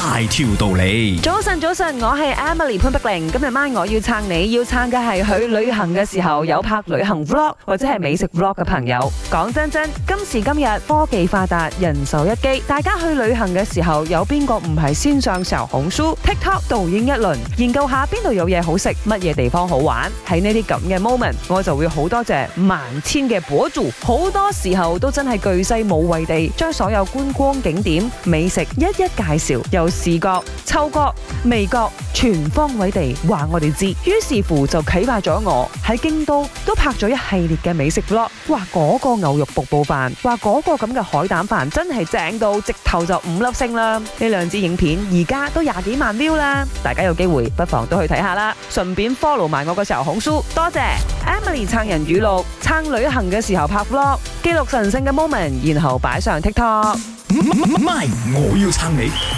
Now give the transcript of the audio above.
大條道理。早晨，早晨，我係 Emily 潘碧玲。今日晚我要撐你，要撐嘅係去旅行嘅時候有拍旅行 Vlog 或者係美食 Vlog 嘅朋友。講真真，今時今日科技發達，人手一機，大家去旅行嘅時候，有邊個唔係先上小紅書、TikTok 導演一輪，研究下邊度有嘢好食，乜嘢地方好玩？喺呢啲咁嘅 moment，我就會好多謝萬千嘅博主，好多時候都真係巨細無遺地將所有觀光景點、美食一一介紹。由視覺、嗅覺、味覺全方位地話我哋知，於是乎就啟發咗我喺京都都拍咗一系列嘅美食 vlog。話嗰個牛肉瀑布飯，話嗰個咁嘅海膽飯真係正到直頭就五粒星啦！呢兩支影片而家都廿幾萬 view 啦，大家有機會不妨都去睇下啦，順便 follow 埋我嘅時候，孔叔多謝 Emily 撐人語錄，撐旅行嘅時候拍 vlog，記錄神聖嘅 moment，然後擺上 TikTok，唔咪我要撐你。